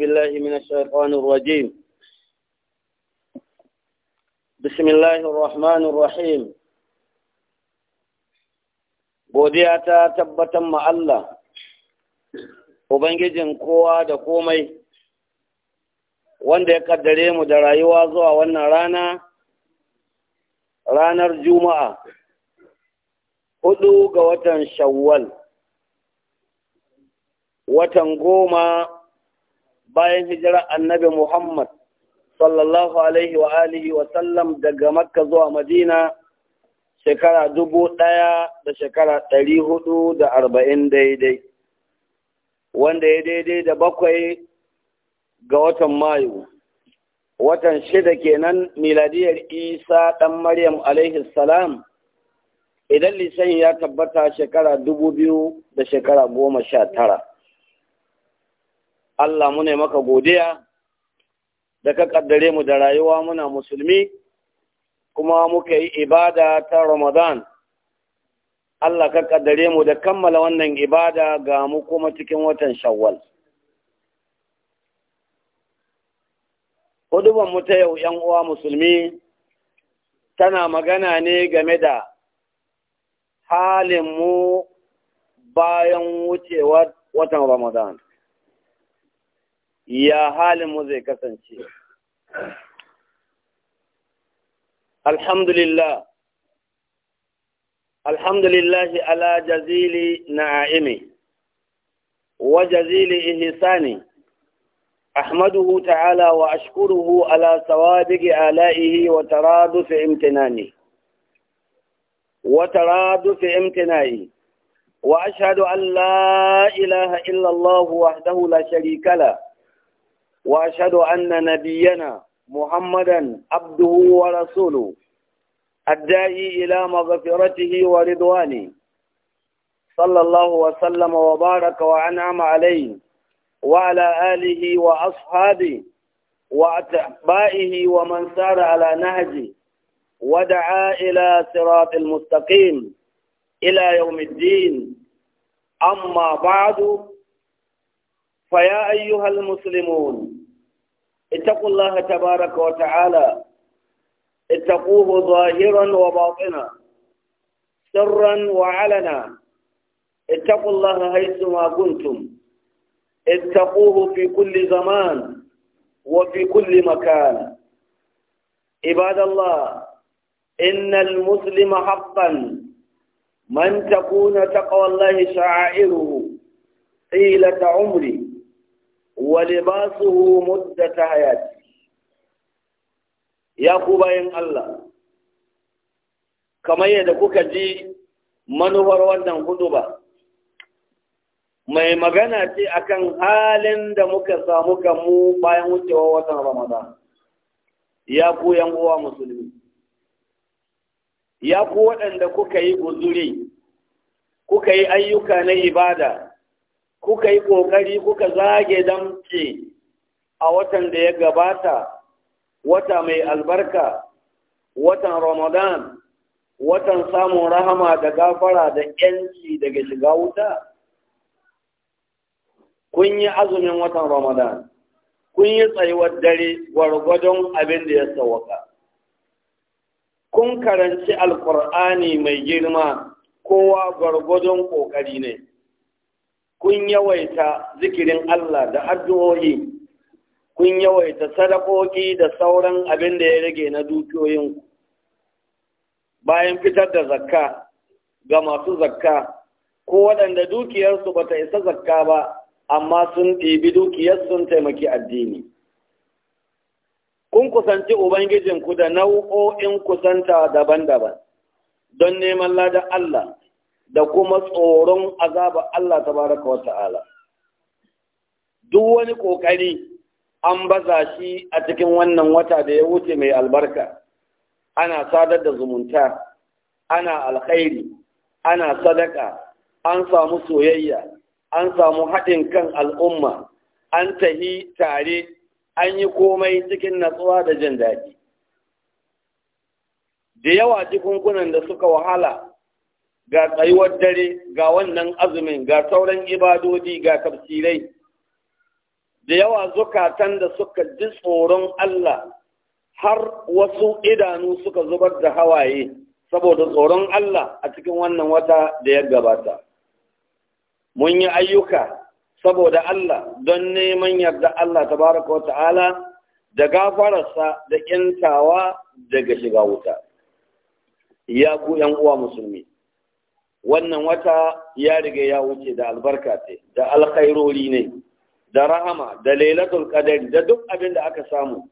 بالله من الشيطان الرجيم بسم الله الرحمن الرحيم godiya ta tabbatar ma Allah ubangijin kowa da komai wanda ya kaddare mu da rayuwa zuwa wannan rana ranar juma'a hudu ga watan shawwal watan goma bayan hijira annabi Muhammad sallallahu alaihi wa alihi wa sallam daga Makka zuwa Madina shekara dubu ɗaya da shekara ɗari hudu da arba'in daidai, wanda ya daidai da bakwai ga watan Mayu, watan shida kenan miladiyar Isa ɗan Maryam alaihi salam idan lisan ya tabbata shekara dubu biyu da shekara goma sha tara. Allah muna maka godiya da ka kaddare mu da rayuwa muna musulmi kuma muka yi ibada ta Ramadan Allah ka kaddare mu da kammala wannan ibada ga mu kuma cikin watan Shawwal Huduban mu ta yau ‘yan uwa musulmi tana magana ne game da halin mu bayan wucewar watan Ramadan. ya mu zai kasance alhamdulillah alhamdulillahi ala jazili na'imi wa jazili ihisani ahmaduhu ta'ala wa ashkuruhu ala sawabiki ala'ihi wa taradu fi imtinani wa taradu fi imtinai wa ashadu an la ilaha wahdahu la sharika وأشهد أن نبينا محمدا عبده ورسوله الداعي إلى مغفرته ورضوانه صلى الله وسلم وبارك وأنعم عليه وعلى آله وأصحابه وأتباعه ومن سار على نهجه ودعا إلى صراط المستقيم إلى يوم الدين أما بعد فيا أيها المسلمون اتقوا الله تبارك وتعالى اتقوه ظاهرا وباطنا سرا وعلنا اتقوا الله حيثما كنتم اتقوه في كل زمان وفي كل مكان عباد الله إن المسلم حقا من تكون تقوى الله شعائره طيلة عمره wa libasuhu ta hayati ya ku bayan Allah kamar yadda kuka ji manufar wannan ba. mai magana ce akan halin da muka samu kanmu bayan wucewa watan Ramadan ya ku yan uwa musulmi ya ku waɗanda kuka yi guzuri kuka yi ayyuka na ibada kuka yi ƙoƙari kuka zage damke a watan da ya gabata wata mai albarka watan ramadan watan samun rahama da gafara da yanci daga shiga wuta kun yi azumin watan ramadan kun yi tsayuwar dare gwargwadon abin da ya sawaka kun karanci alkur'ani mai girma kowa gwargwadon ƙoƙari ne kun yawaita zikirin Allah da addu'o'i kun yawaita sadakoki da sauran abin da ya rage na dukiyoyinku bayan fitar da zakka ga masu zakka ko waɗanda dukiyarsu ba ta isa zakka ba amma sun ɗibi dukiyar sun taimaki addini kun kusanci ubangijinku da nau'o'in kusanta daban-daban don neman ladan Allah da kuma tsoron azaba Allah Ta Baraka wa ta'ala duk wani ƙoƙari an baza shi a cikin wannan wata da ya wuce mai albarka ana sadar da zumunta ana alkhairi ana sadaka an samu soyayya an samu haɗin kan al'umma an tahi tare an yi komai cikin natsuwa da jin daɗi da yawa kunan da suka wahala ga tsayuwar dare ga wannan azumin ga sauran ibadodi ga tafsirai da yawa zukatan da suka ji tsoron Allah har wasu idanu suka zubar da hawaye saboda tsoron Allah a cikin wannan wata da ya gabata mun yi ayyuka saboda Allah don neman yarda Allah tabaraka wa ta'ala da gafararsa da kintawa daga shiga wuta ya ku ‘yan uwa musulmi wannan wata ya riga ya wuce da albarka ce da alkhairori ne da rahama da lailatul qadari da duk abin da aka samu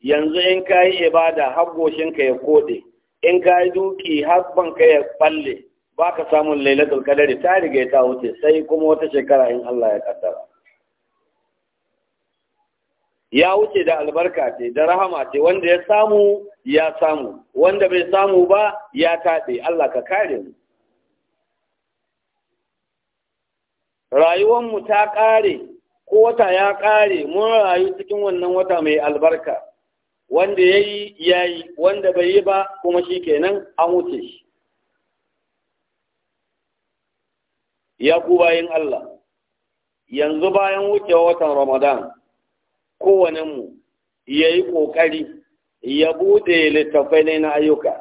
yanzu in kayi ibada goshin ka ya kode in kayi duki ban ka ya balle baka samu lailatul qadari ta riga ta wuce sai kuma wata shekara in Allah ya kaddara ya wuce da albarka ce da rahama ce wanda ya samu ya samu wanda bai samu ba ya taɓe Allah ka kare mu mu ta ƙare ko wata ya ƙare mun rayu cikin wannan wata mai albarka wanda ya yi ya wanda bai yi ba kuma shi kenan an wuce shi ya ku bayan Allah yanzu bayan wucewa watan ramadan kowanenmu ya yi ƙoƙari ya bude littattafai ne na ayyuka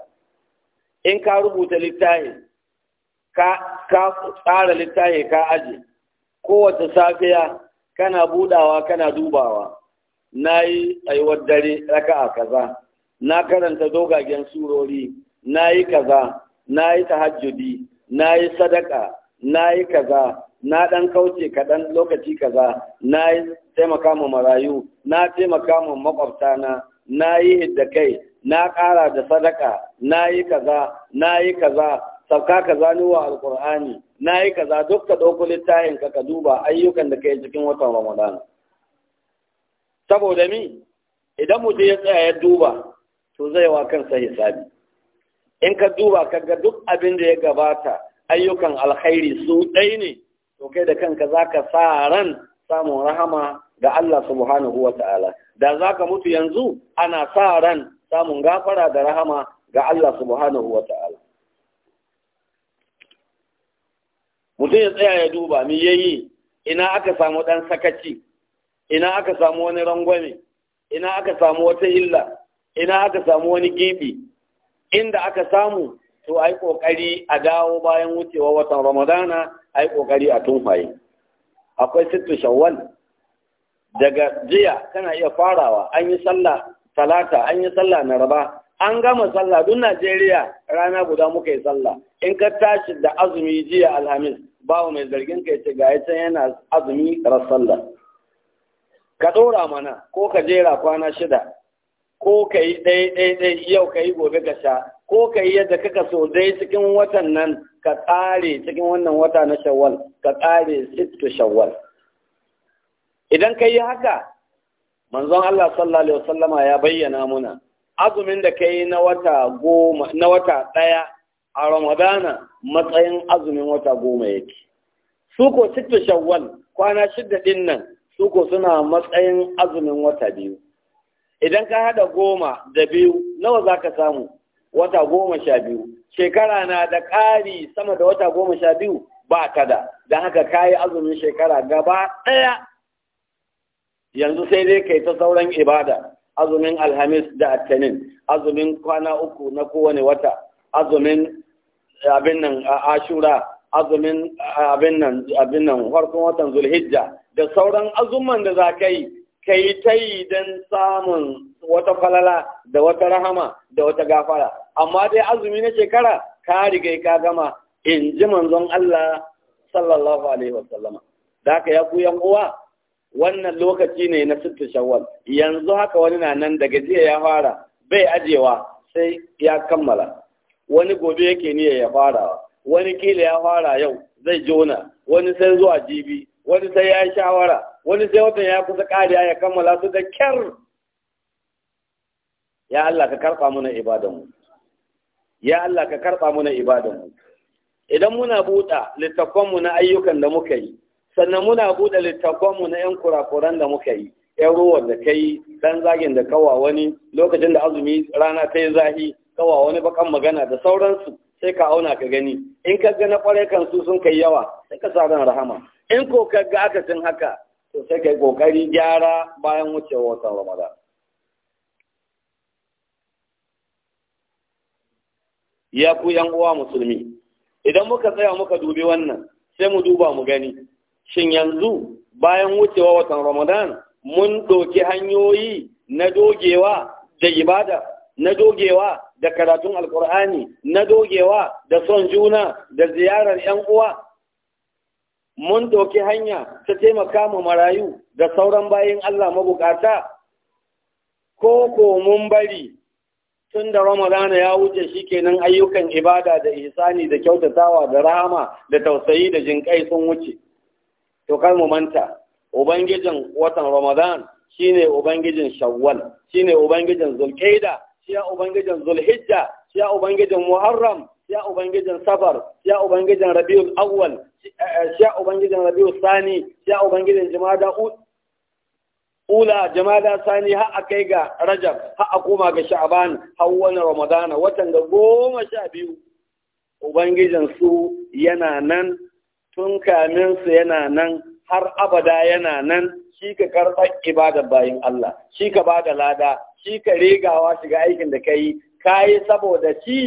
in ka rubuta littafi ka tsara littafi ka aji kowace safiya kana budawa kana dubawa na yi tsayuwar dare raka'a kaza na karanta dogagen surori na yi kaza na yi tahajjudi na yi sadaka na yi kaza na ɗan kauce kaɗan lokaci kaza na yi taimaka ma marayu na taimaka ma makwabtana na yi hidda kai na ƙara da sadaka na yi kaza na yi kaza sauka kaza ni wa alƙur'ani na yi kaza duk ka ɗauko littafin ka ka duba ayyukan da ka yi cikin watan ramadana saboda mi idan mutum ya tsaya ya duba to zai wa kansa hisabi in ka duba ka ga duk abin da ya gabata ayyukan alkhairi su ɗai ne to kai da kanka za ka sa ran samun rahama ga Allah subhanahu wa ta'ala da za ka mutu yanzu ana sa ran samun gafara da rahama ga Allah subhanahu wa ta'ala mutum ya tsaya ya duba mi yayi ina aka samu dan sakaci ina aka samu wani rangwame ina aka samu wata illa ina aka samu wani gibi inda aka samu to ai kokari a dawo bayan wucewa watan ramadana ai kokari a tunfaye akwai sittu shawwal daga jiya kana iya farawa an yi sallah talata an yi sallah na raba an gama sallah duk Najeriya rana guda muka yi sallah in ka tashi da azumi jiya alhamis باو mai zargin ka چې ga yace yana azumi ran sallah ka ɗora mana ko ka jera kwana shida ko ka yi ɗaya ɗaya ɗaya yau ka yi gobe ka sha ko ka yadda kaka so dai cikin watan nan ka tsare cikin wannan wata na shawwal ka tsare sittu shawwal idan ka yi haka manzon Allah sallallahu alaihi wasallama ya bayyana muna azumin da ka na wata ɗaya a ramadana matsayin azumin wata goma yake su ko shawwal kwana shidda din nan su suna matsayin azumin wata biyu idan ka haɗa goma da biyu nawa za ka samu wata goma sha biyu shekara na da ƙari sama da wata goma sha biyu ba ta da don haka ka yi azumin shekara gaba ɗaya yanzu sai dai kai ta sauran ibada azumin alhamis da attanin azumin kwana uku na kowane wata azumin abin nan ashura azumin abin nan abin nan farkon watan zulhijja da sauran azuman da za ka yi ka yi ta yi samun wata falala da wata rahama da wata gafara amma dai azumi na shekara ka riga ka gama in ji manzon Allah sallallahu alaihi wasallama da ka ya ku yan uwa wannan lokaci ne na sittu shawwal yanzu haka wani na nan daga jiya ya fara bai ajewa sai ya kammala wani gobe yake niyya ya fara wani kila ya fara yau zai jona wani sai zuwa jibi wani sai ya yi shawara wani sai watan ya kusa kariya ya kammala su da kyar ya Allah ka karɓa muna ibadanmu ya Allah ka karɓa muna ibadanmu idan muna buɗa littafanmu na ayyukan da muka yi sannan muna buɗe littafanmu na 'yan kurakuran da muka yi 'yan ruwan da ka yi ɗan zagin da kawa wani lokacin da azumi rana ta yi zahi kawa wani bakan magana da sauransu sai ka auna ka gani in ka ga na kwarai kan su sun kai yawa sai ka sa ran rahama in ko ka ga aka cin haka to sai kai kokari gyara bayan wucewa watan ramadan ya ku yan uwa musulmi idan muka tsaya muka dubi wannan sai mu duba mu gani shin yanzu bayan wucewa watan ramadan mun ɗauki hanyoyi na dogewa da ibada na dogewa da karatun alkur'ani na dogewa da son juna da ziyarar 'yan uwa mun ɗauki hanya ta taimaka mu marayu da sauran bayin Allah mabukata ko ko mun bari tun da Ramadan ya wuce shikenan ayyukan ibada da ihsani da kyautatawa da rahama da tausayi da jinkai sun wuce to kar mu manta ubangijin watan ramadan shine ubangijin shawwal shine ubangijin zulqaida shi ya ubangijin zulhijja shi ya ubangijin muharram shi ya ubangijin safar shi ya ubangijin rabiul awwal shi eh, eh, ya ubangijin rabiul sani shi ya ubangijin jumada ula jumada sani har akai ga rajab har a koma ga sha'ban har wani ramadana watan da goma sha biyu ubangijin su yana nan tun kamin su yana nan har abada yana nan shi ka karɓar ibadar bayan Allah shi ka ba da lada shi ka regawa shiga aikin da ka yi ka yi saboda shi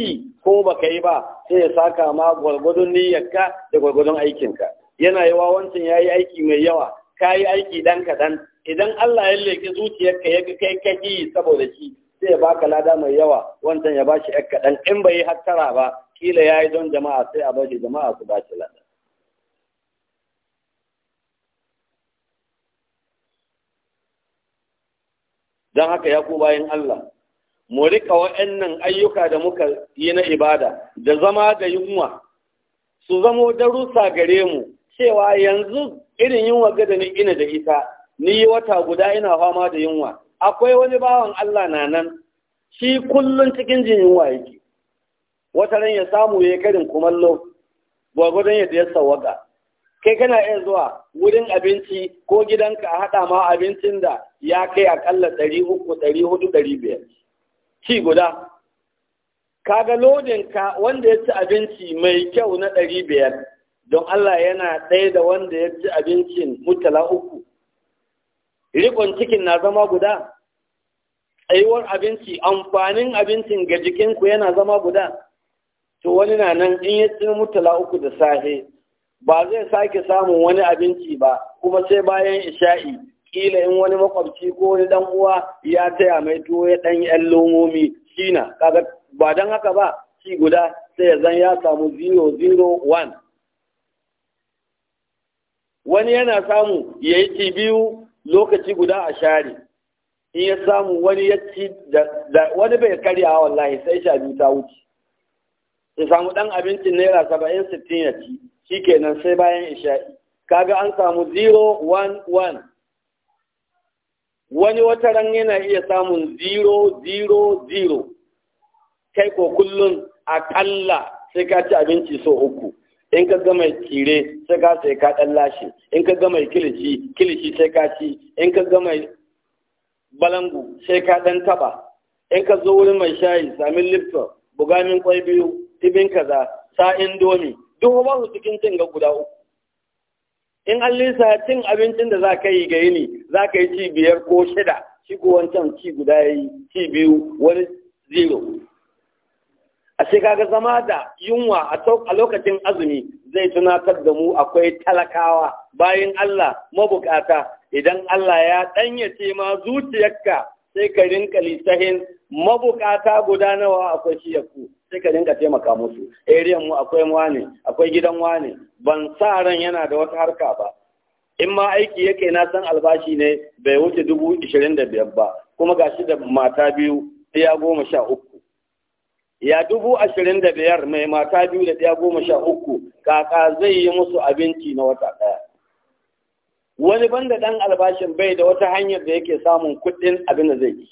ko ba ka yi ba sai ya saka ma gwargwadon niyyarka da gwargwadon aikinka yana yawa wancan ya yi aiki mai yawa ka yi aiki ɗan kaɗan idan Allah ya leki zuciyarka ya kai ka yi saboda shi sai ya baka lada mai yawa wancan ya bashi ɗan kaɗan in bai yi hattara ba kila ya yi don jama'a sai a bashi jama'a su bashi lada don haka ya ku bayan Allah mu rika nan ayyuka da muka yi na ibada da zama da yunwa su zamo darussa gare mu cewa yanzu irin yunwa gada ni ina da ita ni yi wata guda ina fama da yunwa akwai wani bawan Allah na nan shi kullum cikin jin yunwa yake wata ran ya samu ya karin kumallo gwagwadon yadda ya sawaka kai kana iya zuwa wurin abinci ko gidanka a haɗa ma abincin da ya kai akalla ɗari uku ɗari hudu ɗari biyar ci guda kaga lodinka wanda ya ci abinci mai kyau na ɗari biyar don Allah yana ɗaya da wanda ya ci abincin mutala uku rikon cikin na zama guda tsayuwar abinci amfanin abincin ga jikinku yana zama guda to wani na nan in ya ci mutala uku da safe ba zai sake samun wani abinci ba kuma sai bayan isha'i kila in wani makwabci ko wani dan uwa ya taya mai tuwo ya dan yan lomomi shina kaga ba dan haka ba shi guda sai zan ya samu 001 wani yana samu ya yi ci biyu lokaci guda a share in ya samu wani ya ci da wani bai karya wallahi sai sha biyu ta wuce ya samu dan abincin naira saba'in sittin ya ci shi kenan sai bayan isha'i kaga an samu 011 wani wata ran yana iya samun 000 kai ko kullun aƙalla sai ka ci abinci so uku in ka gama mai sai ka sai ka ɗan lashe in ka ga kilishi kilishi sai ka ci in ka ga balangu sai ka ɗan taba in ka zo wurin mai shayi samin lifton bugamin kwai biyu ibin kaza sa'in domi duk ba cikin cin ga guda uku in an lisa cin abincin da za ka yi ga yini za ka yi ci biyar ko shida shi ko wancan ci guda ya yi ci biyu wani zero a shekaga zama da yunwa a lokacin azumi zai tunatar da mu akwai talakawa bayan Allah mabukata idan Allah ya ɗanyace ma zuciyarka sai ka rinka lisahin mabukata guda nawa akwai shi ya ku sai ka dinga taimaka musu ariyan mu akwai wane akwai gidan wane ban sa ran yana da wata harka ba in ma aiki yake na san albashi ne bai wuce dubu ishirin da biyar ba kuma gashi da mata biyu ɗaya goma sha uku ya dubu ashirin da biyar mai mata biyu da ɗaya goma sha uku kaka zai yi musu abinci na wata ɗaya wani banda ɗan albashin bai da wata hanyar da yake samun kuɗin abin da zai yi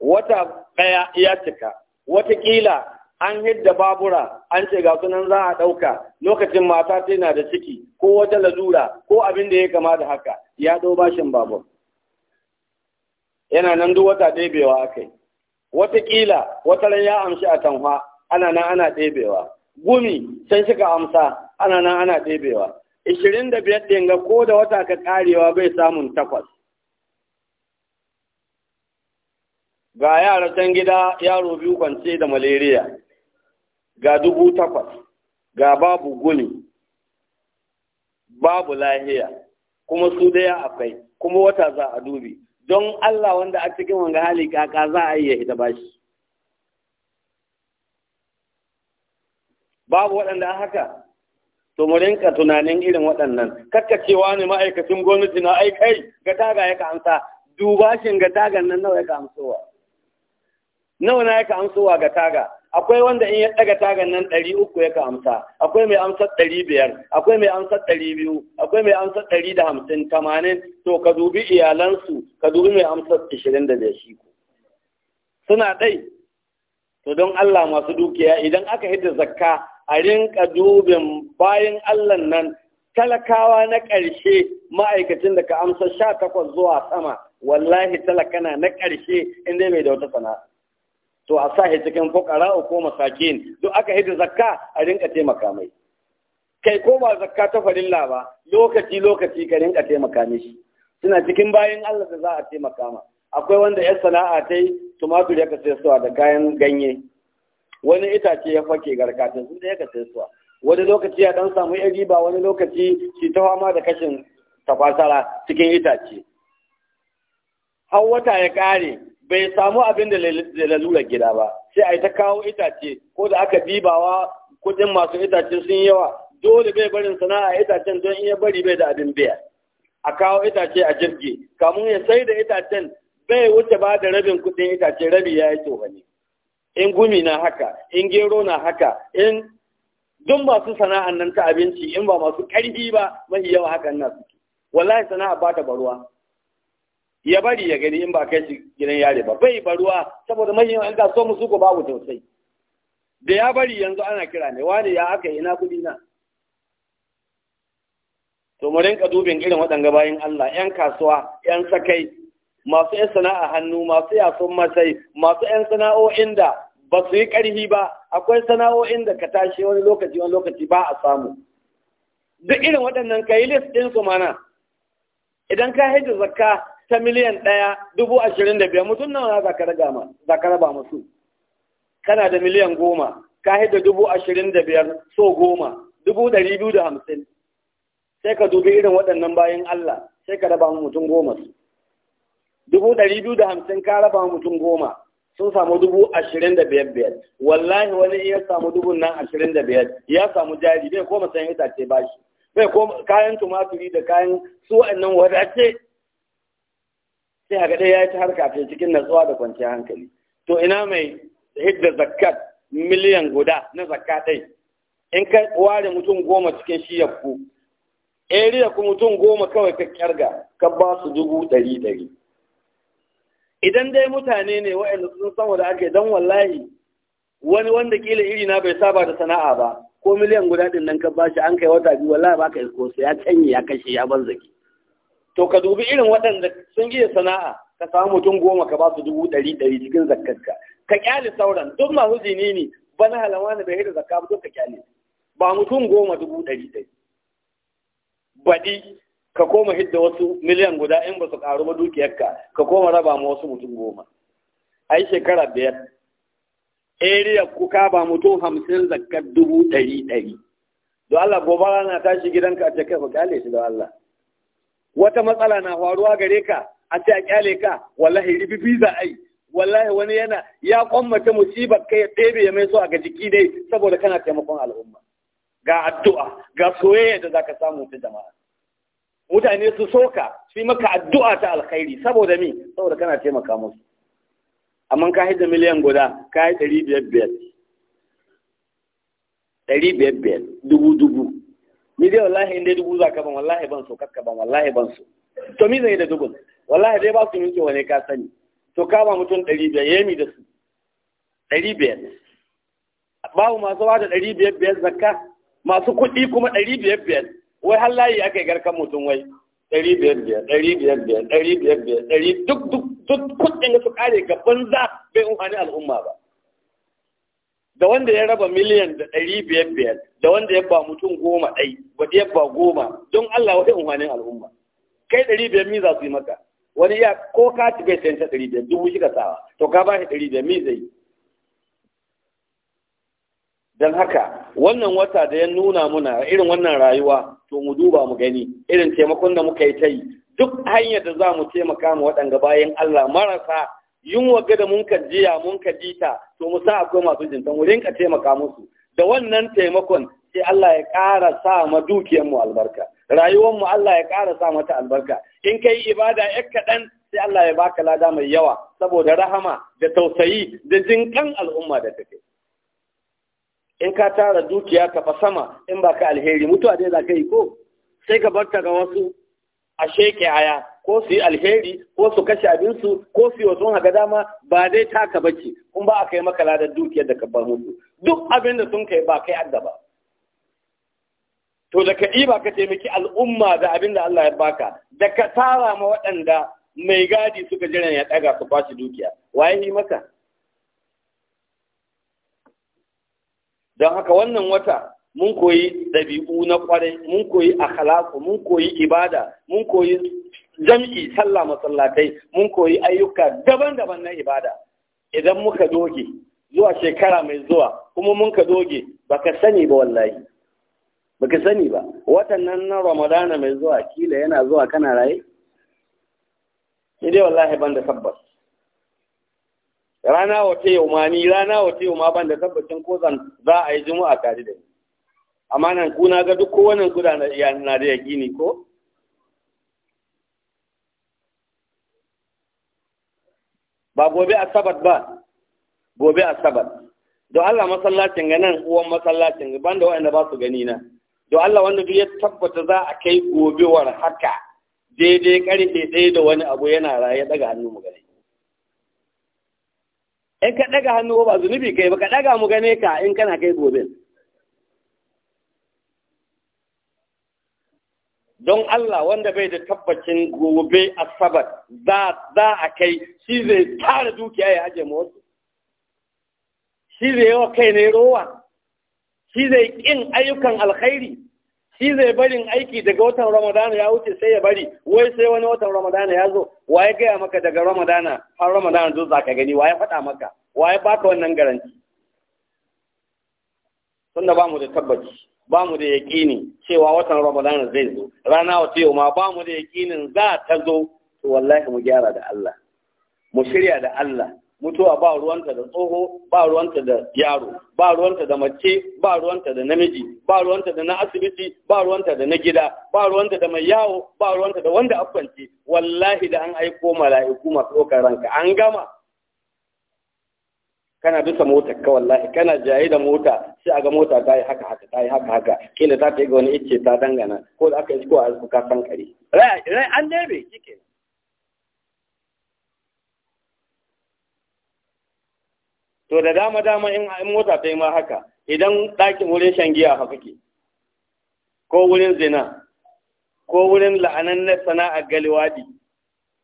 wata ɗaya ya cika watakila an hidda babura an ce ga sunan za a ɗauka lokacin mata tana da ciki ko wata lazura ko abin da ya kama da haka ya ɗau bashin babur yana nan duk wata ɗebewa aka yi watakila wata ran ya amshi a tanfa ana nan ana ɗebewa gumi can shiga amsa ana nan ana ɗebewa ishirin da biyar ɗin ga ko da wata ka ƙarewa bai samun takwas ga yara can gida yaro biyu kwance da malaria ga dubu takwas ga babu guni babu lahiya kuma su daya akwai kuma wata za a dubi don Allah wanda a cikin wanga hali kaka za a iya ita bashi babu waɗanda haka to mu rinka tunanin irin waɗannan kakkacewa ne ma'aikacin gwamnati na aikai ga taga ya ka amsa ga tagan nan nawa ya ka amsowa nawa na yaka amsowa ga taga akwai wanda in ya daga tagan nan ɗari uku yaka amsa akwai mai amsar ɗari biyar akwai mai amsar ɗari biyu akwai mai amsar ɗari da hamsin tamanin to ka dubi iyalansu ka dubi mai amsar ishirin da zai shi ku suna ɗai to don Allah masu dukiya idan aka hidda zakka a rinka dubin bayan Allah nan talakawa na ƙarshe ma'aikacin da ka amsa sha takwas zuwa sama wallahi talakana na ƙarshe inda mai da wata sana'a to a sa shi cikin fukara ko masakin duk aka da zakka a rinka taimaka mai kai ko ba zakka ta farilla ba lokaci lokaci ka rinka taimaka mishi suna cikin bayan Allah da za a taimaka ma akwai wanda ya sana'a ta yi tumatur ya kace suwa da kayan ganye wani itace ya fake garkatun sun da ya kace suwa wani lokaci ya dan samu yan riba wani lokaci shi ta fama da kashin tafasara cikin itace har wata ya kare bai samu abin da lalura gida ba sai a yi ta kawo itace ko da aka bibawa kudin masu itace sun yawa dole bai barin sana'a itacen don iya bari bai da abin biya a kawo itace a jirgi kamun ya sai da itacen bai wuce ba da rabin kudin itace rabi ya yi ne in gumi na haka in gero na haka in duk masu sana'an nan ta abinci in ba masu karfi ba mafi yawa hakan na suke wallahi sana'a ba ta baruwa ya bari ya gani in ba kai shi gidan yare ba bai baruwa saboda manyan an gaso musu ko babu tausayi da ya bari yanzu ana kira ne wani ya aka ina kudi na to mu rinka dubin irin waɗanga bayan Allah 'yan kasuwa 'yan sakai masu 'yan sana'a hannu masu yasun masai masu 'yan sana'o'in da ba su yi ƙarfi ba akwai sana'o'in da ka tashi wani lokaci wani lokaci ba a samu duk irin waɗannan ka list ɗin su mana idan ka haida zakka ta miliyan ɗaya dubu ashirin da biyar mutum nawa za ka raba masu kana da miliyan goma ka da dubu ashirin da biyar so goma dubu ɗari biyu da hamsin sai ka dubi irin waɗannan bayan Allah sai ka raba mutum goma su dubu ɗari biyu da hamsin ka raba mutum goma sun samu dubu ashirin da biyar biyar wallahi wani iya samu dubu nan ashirin da biyar ya samu jari bai koma sayan itace bashi bai koma kayan tumaturi da kayan su waɗannan wadace sai a ɗaya ya yi ta harka ta cikin natsuwa da kwanciyar hankali to ina mai hidda zakat miliyan guda na zakatai in ka ware mutum goma cikin shi shiyakku area ku mutum goma kawai ka kyarga ka ba su dubu ɗari ɗari idan dai mutane ne waɗanda sun san wanda ake dan wallahi wani wanda kila iri na bai saba da sana'a ba ko miliyan guda din nan ka bashi an kai wata biyu wallahi baka isko sai ya canye ya kashe ya banzaki to ka dubi irin waɗanda sun iya sana'a ka samu mutum goma ka ba su dubu ɗari ɗari cikin zakkarka ka kyale sauran duk masu ba bana halama ne bai da zakka ba duk ka kyale ba mutum goma dubu ɗari ɗari baɗi ka koma hidda wasu miliyan guda in ba su ƙaru ba dukiyarka ka koma raba ma wasu mutum goma a yi shekara biyar area kuka ba mutum hamsin zakkar dubu ɗari ɗari don Allah gobara na tashi gidanka a cikin ka kyale shi da Allah wata matsala na faruwa gare ka a ce a kyale ka wallahi ribibi za a yi wallahi wani yana ya kwammata musibar kai ya ɗebe ya mai so a ga jiki dai saboda kana taimakon al'umma ga addu'a ga soyayya da zaka samu ta jama'a mutane su soka su yi maka addu'a ta alkhairi saboda mi saboda kana taimaka musu amma ka haida miliyan guda ka yi ɗari biyar biyar ɗari biyar biyar dubu dubu ni dai wallahi in dai dubu za ka ban wallahi ban so kakka ban wallahi ban so to mi zai da dubun wallahi dai ba su minke wane ka sani to ka ba mutum ɗari biyar ya mi da su ɗari biyar babu masu ba da ɗari biyar biyar zakka masu kuɗi kuma ɗari biyar biyar wai har layi aka yi garkan mutum wai ɗari biyar biyar ɗari biyar biyar ɗari biyar biyar ɗari duk duk duk kuɗin da su kare gaban za bai umfani al'umma ba da wanda ya raba miliyan da ɗari biyar biyar da wanda ya ba mutum goma ɗai wanda ya ba goma don Allah wata wani al'umma kai ɗari biyar mi za su yi maka wani ya ko ka ci bai sayan ta ɗari biyar dubu shi ka sawa to ka ba shi ɗari biyar mi zai don haka wannan wata da ya nuna muna irin wannan rayuwa to mu duba mu gani irin taimakon da muka yi ta yi duk hanyar da za mu taimaka mu waɗanga bayan Allah marasa Yin ga da mun ka jiya mun ka jita to mu akwai masu jinta mu rinka taimaka musu da wannan taimakon sai Allah ya ƙara sa ma dukiyar mu albarka rayuwar mu Allah ya ƙara sa mata albarka in kai ibada yak kaɗan sai Allah ya baka lada mai yawa saboda rahama da tausayi da jinkan al'umma da take in ka tara dukiya ka fa sama in baka alheri mutuwa dai za ka yi ko sai ka barta ga wasu a sheke aya ko su yi alheri ko su kashe abinsu ko su yi wasu haka dama ba dai taka bace kun ba a kai maka ladar dukiyar da ka ba musu duk abin da sun kai ba kai adda to da ka ɗiba ka taimaki al'umma da abin da Allah ya baka da ka tara ma waɗanda mai gadi suka jiran ya ɗaga su kwashi dukiya waye yi maka don haka wannan wata mun koyi ɗabi'u na ƙwarai mun koyi akhlaqu mun koyi ibada mun koyi jam'i sallah masallatai mun koyi ayyuka daban-daban na ibada idan muka doge zuwa shekara mai zuwa kuma mun ka doge baka sani ba wallahi baka sani ba Watannan na ramadana mai zuwa kila yana zuwa kana raye ni dai wallahi ban da tabbas rana wata yau ma ni rana wata yau ma ban da tabbacin ko zan za a yi juma'a tare da ni amma nan kuna ga duk kowannen ku na da ne, ko ba gobe asabar ba gobe asabar don Allah masallacin ganin uwan masallacin ban da wa'anda ba su gani na don Allah wanda duk ya tabbata za a kai gobewar haka daidai karfe ɗaya da wani abu yana raye daga hannu mu gani in ka daga hannu ba zunubi kai ba ka daga mu gane ka in kana kai gobe don Allah wanda bai da tabbacin gobe asabar za a kai shi zai tara dukiya ya aje wasu shi zai yawa kai ne rowa shi zai ƙin ayyukan alkhairi shi zai barin aiki daga watan ramadana ya wuce sai ya bari wai sai wani watan ramadana ya zo Wa ya gaya maka daga ramadana har ramadana zo za ka gani Wa ya faɗa maka Wa ya baka wannan garanti tunda ba mu da tabbaci ba mu da yaƙini cewa watan Ramadan zai zo rana wata yau ma ba mu da yaƙinin za ta zo to wallahi mu gyara da Allah mu shirya da Allah mutuwa ba ruwanta da tsoho ba ruwanta da yaro ba ruwanta da mace ba ruwanta da namiji ba ruwanta da na asibiti ba ruwanta da na gida ba ruwanta da mai yawo ba ruwanta da wanda afkwanci wallahi da an aiko mala'iku masu ɗaukar ranka an gama kana bisa mota ka wallahi kana jaye da mota sai a ga mota ta yi haka haka ta yi haka haka kila ta yi ga wani icce ta dangana ko da aka yi ko a ka san kare rai an ɗebe kike to da dama dama in mota ta yi ma haka idan ɗakin wurin shan giya haka ko wurin zina ko wurin la'anan na sana'a galiwadi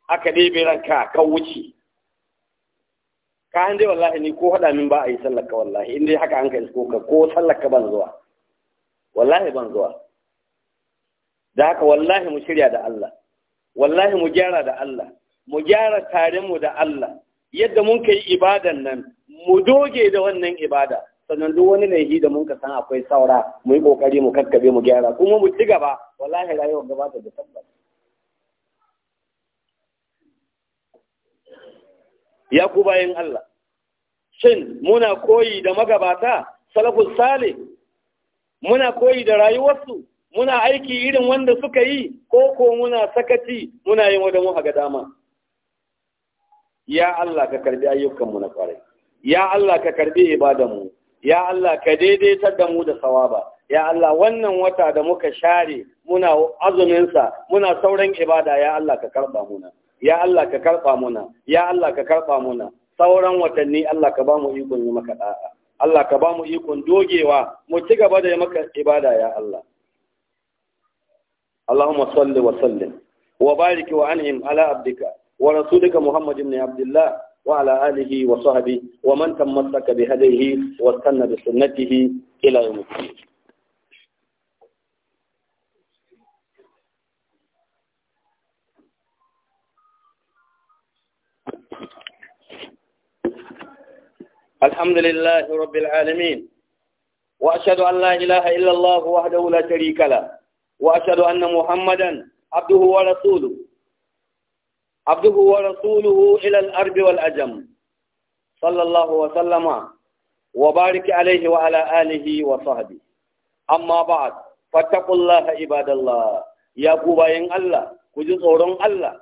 aka ɗebe ranka kan wuce ka han dai wallahi ni ko haɗa min ba a yi sallar ka wallahi in dai haka an ka isko ka ko sallar ban zuwa wallahi ban zuwa da haka wallahi mu shirya da Allah wallahi mu gyara da Allah mu gyara tare mu da Allah yadda mun kai ibadan nan mu doge da wannan ibada sannan duk wani laifi da mun ka san akwai saura mu yi kokari mu kakkabe mu gyara kuma mu ci gaba wallahi rayuwar gaba ta da tabbata ya ku bayan Allah shin muna koyi da magabata salafus sale, muna koyi da rayuwarsu muna aiki irin wanda suka yi ko ko muna sakaci muna yin wadamu a haga dama ya Allah ka karbi ayyukanmu na kwarai ya Allah ka karbi ibadanmu ya Allah ka daidaitar da mu da sawaba ya Allah wannan wata da muka share muna azuminsa muna sauran ibada ya Allah ka karba muna ya Allah ka karɓa muna ya Allah ka karɓa muna sauran watanni Allah ka ba mu ikon yi maka ɗa'a, Allah ka ba mu ikon dogewa mu ci gaba da yi maka ibada ya Allah Allahumma salli wa sallim wa bariki wa an'im ala abdika wa rasulika Muhammad ibn Abdullah wa ala alihi wa sahabi, wa man tamassaka bi hadaihi wa sanna bi sunnatihi ila yawm الحمد لله رب العالمين وأشهد أن لا إله إلا الله وحده لا شريك له وأشهد أن محمدا عبده ورسوله عبده ورسوله إلى الأرض والأجم صلى الله وسلم وبارك عليه وعلى آله وصحبه أما بعد فاتقوا الله عباد الله يا قبائن الله كجزء الله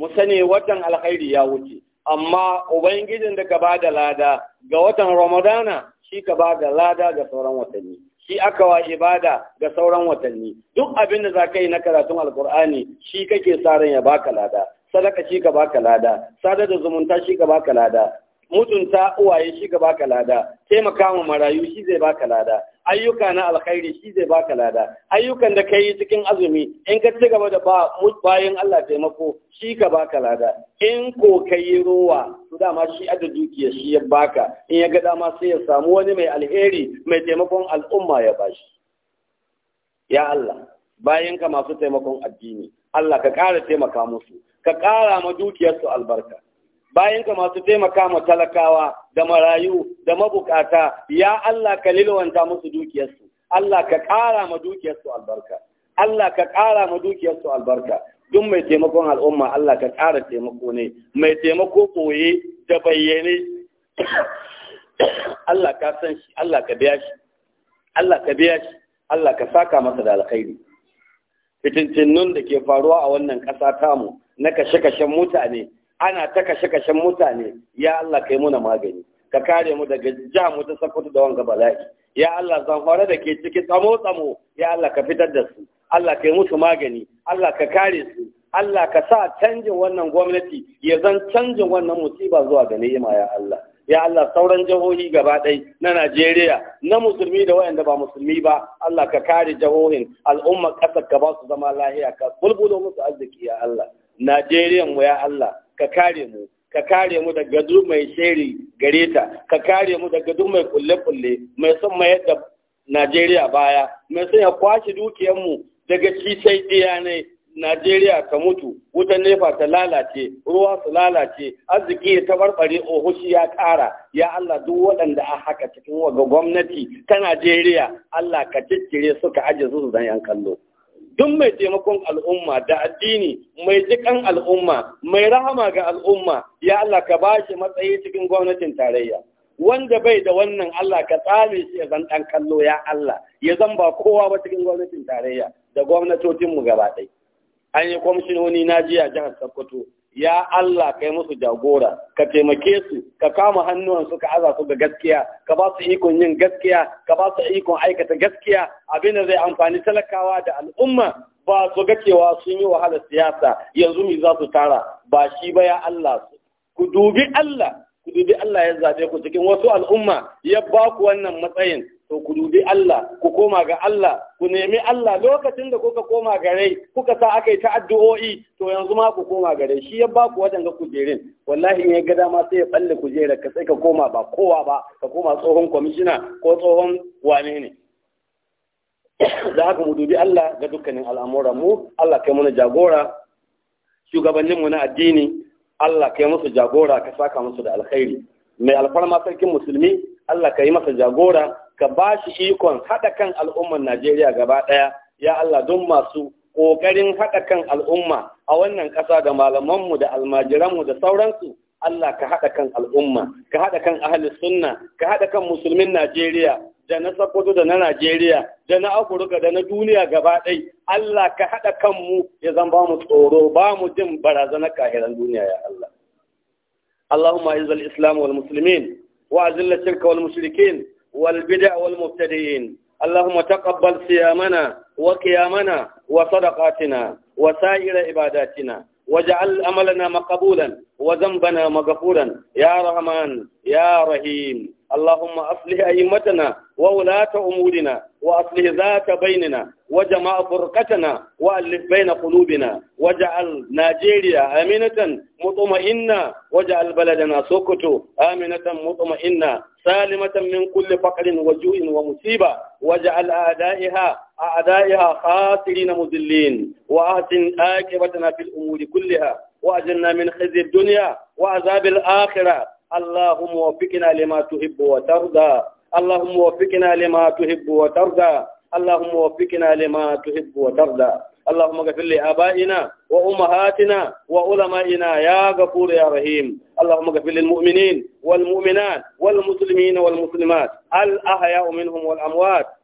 mu sani watan alkhairi ya wuce amma ubangijin da ka ba da lada ga watan ramadana shi ka ba da lada ga sauran watanni shi aka wa ibada ga sauran watanni duk abin da za ka yi na karatun alkur'ani shi kake sa ran ya baka lada sadaka shi ka baka lada sadar da zumunta shi ka baka lada mutunta uwaye shi ga baka lada taimaka ma marayu shi zai baka lada ayyuka na alkhairi shi zai baka lada ayyukan da kai cikin azumi in ka ci gaba da ba bayan Allah taimako shi ka baka lada in ko kai rowa to dama shi a dukiya shi ya baka in ya ga dama sai ya samu wani mai alheri mai taimakon al'umma ya bashi ya Allah bayan ka masu taimakon addini Allah ka ƙara taimaka musu ka ƙara ma dukiyarsu albarka bayanka masu taimaka ma talakawa da marayu da mabukata ya Allah ka lilwanta musu dukiyarsu Allah ka ƙara ma dukiyarsu albarka Allah ka ƙara ma dukiyarsu albarka duk mai taimakon al'umma Allah ka ƙara taimako ne mai taimako koye da bayyane Allah ka san shi Allah ka biya shi Allah ka biya shi Allah ka saka masa da alkhairi fitintinnun da ke faruwa a wannan ƙasa tamu na kashe-kashen mutane ana ta kashe-kashen mutane ya Allah kai muna magani ka kare mu daga ja mu ta sakutu da wanga bala'i ya Allah zamfara da ke ciki tsamo-tsamo ya Allah ka fitar da su Allah kai musu magani Allah ka kare su Allah ka sa canjin wannan gwamnati ya zan canjin wannan musiba zuwa ga ni'ima ya Allah ya Allah sauran jihohi gaba ɗai na Najeriya na musulmi da wayanda ba musulmi ba Allah ka kare jihohin al'umma ƙasar ka ba su zama lahiya ka bulbulo musu arziki ya Allah Najeriyan mu ya Allah ka kare mu ka kare mu da gadu mai shiri gare ta ka kare mu da gadu mai kulle-kulle mai son mayar yadda Najeriya baya mai son ya kwashe mu daga cisai ɗaya ne Najeriya ta mutu wutan nefa ta lalace ruwa su lalace arziki ta barbare ohushi ya kara ya Allah duk waɗanda a haka cikin waga gwamnati ta Najeriya Allah ka ciccire suka aje su zan yan kallo. duk mai taimakon al'umma da addini mai jikan al'umma mai rahama ga al'umma ya Allah ka ba shi matsayi cikin gwamnatin tarayya wanda bai da wannan Allah ka tsame shi ya zan dan kallo ya Allah ya zan ba kowa ba cikin gwamnatin tarayya da gwamnatocinmu gaba ɗaya an yi kwamishinoni na jiya jihar Sokoto ya Allah kai musu jagora ka taimake su ka kama hannuwansu ka aza su ga gaskiya ka ba su ikon yin gaskiya ka ba su ikon aikata gaskiya abin da zai amfani talakawa da al'umma ba su ga cewa sun yi wahalar siyasa yanzu mi za su tara ba shi ba ya Allah su ku dubi Allah ku dubi Allah ya zabe ku cikin wasu al'umma ya ba ku wannan matsayin to ku dubi Allah ku koma ga Allah ku nemi Allah lokacin da kuka koma gare kuka sa aka yi ta addu'o'i to yanzu ma ku koma gare shi ya ba ku waɗanda kujerin wallahi ne ya ga dama sai ya balle kujerar ka sai ka koma ba kowa ba ka koma tsohon kwamishina ko tsohon wane ne da haka mu dubi Allah ga dukkanin al'amuran mu Allah kai mana jagora Shugabannin mu na addini Allah kai musu jagora ka saka musu da alkhairi mai alfarma sarkin musulmi Allah ka yi masa jagora ka ba shi ikon haɗa kan al'ummar Najeriya gaba ɗaya ya Allah don masu ƙoƙarin haɗa kan al'umma a wannan ƙasa da malamanmu da almajiranmu da sauransu Allah ka haɗa kan al'umma ka haɗa kan ahli sunna ka haɗa kan musulmin Najeriya da na Sokoto da na Najeriya da na Afirka da na duniya gaba ɗai Allah ka haɗa kanmu ya zan ba mu tsoro ba mu jin barazanar kahiran duniya ya Allah wal musulmin wa azilla shirka wal والمشركين والبدع والمبتدئين اللهم تقبل صيامنا وقيامنا وصدقاتنا وسائر عباداتنا واجعل أملنا مقبولا وذنبنا مغفورا يا رحمن يا رحيم اللهم أصلح أئمتنا وولاة أمورنا وأصله ذات بيننا وجمع فرقتنا وألف بين قلوبنا وجعل نيجيريا آمنة مطمئنة وجعل بلدنا سوكوتو آمنة مطمئنة سالمة من كل فقر وجوع ومصيبة وجعل أعدائها أعدائها خاسرين مذلين وأحسن عاقبتنا في الأمور كلها وأجلنا من خزي الدنيا وعذاب الآخرة اللهم وفقنا لما تحب وترضى اللهم وفقنا لما تحب وترضى اللهم وفقنا لما تحب وترضى اللهم اغفر لآبائنا وأمهاتنا وعلمائنا يا غفور يا رحيم اللهم اغفر للمؤمنين والمؤمنات والمسلمين والمسلمات الأحياء منهم والأموات